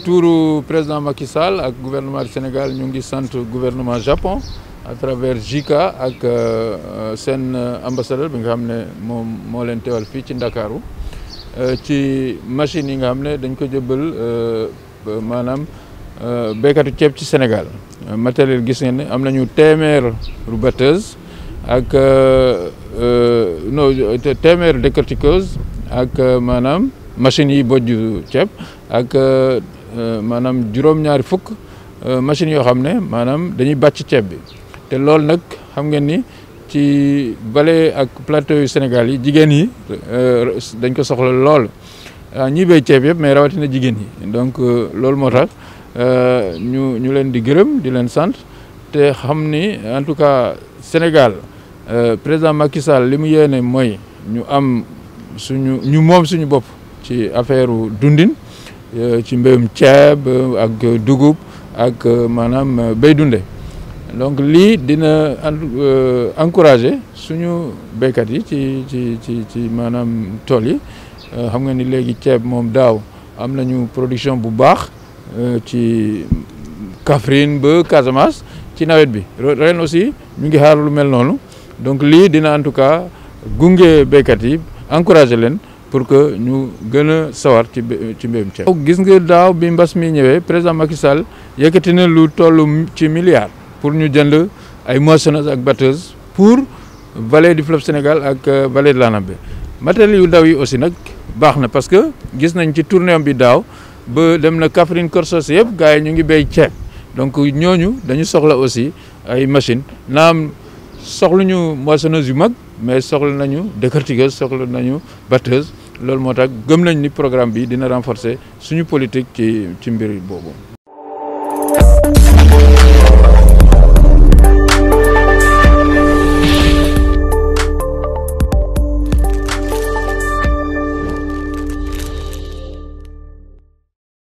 tuuru président Macky Sall ak gouvernement du Sénégal ñu ngi sant gouvernement Japon à travers JICA ak euh, euh, seen euh, ambassadeur bi nga xam ne moom moo leen teewal fii ci Ndakaaru ci machine yi nga xam ne dañ ko jëbal maanaam béykatu ceeb ci Sénégal matériel gis ngeen ne am nañu téeméer batteuse ak non téeméer décortiqueuse ak maanaam machine yi bojj ceeb ak Euh, maanaam juróom-ñaari fukk euh, machines yoo xam ne maanaam dañuy bàcc ceeb bi te loolu nag xam ngeen ni ci bale ak plateau yu Sénégal yi jigéen yi euh, dañ ko soxla lool ah, ñi béy ceeb yëpp mais rawatina jigéen yi donc loolu moo tax ñu ñu leen di gërëm di leen sant te xam ni en tout cas Sénégal président Macky limu li mooy ñu am suñu ñu moom suñu bopp ci affaire dundin Euh, ci mbéyum ceeb euh, ak dugub ak euh, maanaam béy dunde donc lii dina encourager suñu béykat yi ci ci ci ci maanaam tool yi xam nga ni léegi ceeb moom daaw am nañu production bu baax ci Kaffrine ba Casamance ci nawet bi ren aussi ñu ngi xaar lu mel noonu donc lii dina en tout cas gunge béykat yi encourager leen pour que ñu gën a sawar ci ci mbéyum ceeb. gis nga daaw bi mbas mi ñëwee président Macky Sall yëkkati na lu toll ci milliards pour ñu jënd ay moissonneuses ak batteuses pour vallée du Sénégal ak euh, vallée de l'Anambé matériels yu ndaw yi aussi nag baax na parce que gis nañ ci tournée bi daaw ba dem na Kaffrine Korsos yëpp gars yi ñu ngi béy ceeb donc ñooñu dañu soxla aussi ay machines naam soxluñu moissonneuses yu mag mais soxla nañu décortiqueuse soxla nañu batteuse. loolu moo tax gëm nañ ni programme bi dina renforcer suñu politique ci ci mbir boobu.